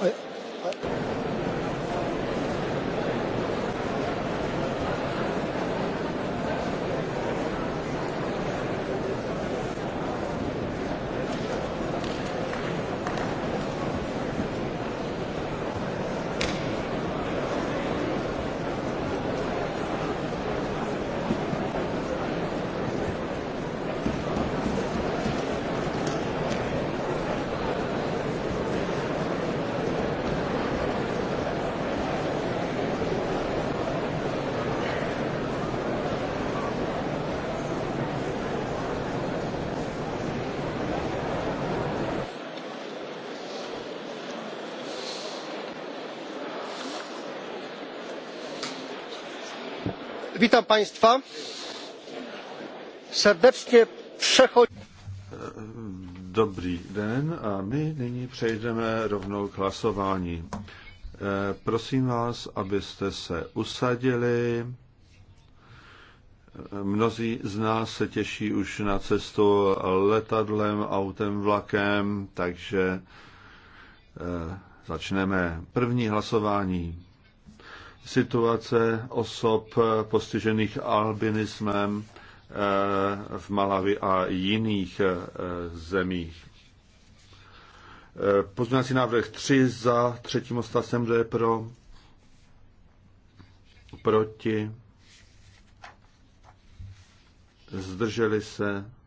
I, I... witam państwa serdecznie przechodzimy Dobrý den a my nyní přejdeme rovnou k hlasování. Eh, prosím vás, abyste se usadili. Eh, mnozí z nás se těší už na cestu letadlem, autem, vlakem, takže eh, začneme. První hlasování situace osob postižených albinismem eh, v Malavi a jiných eh, zemích. Eh, pozměňovací návrh 3 za třetím ostasem, kde je pro, proti, zdrželi se,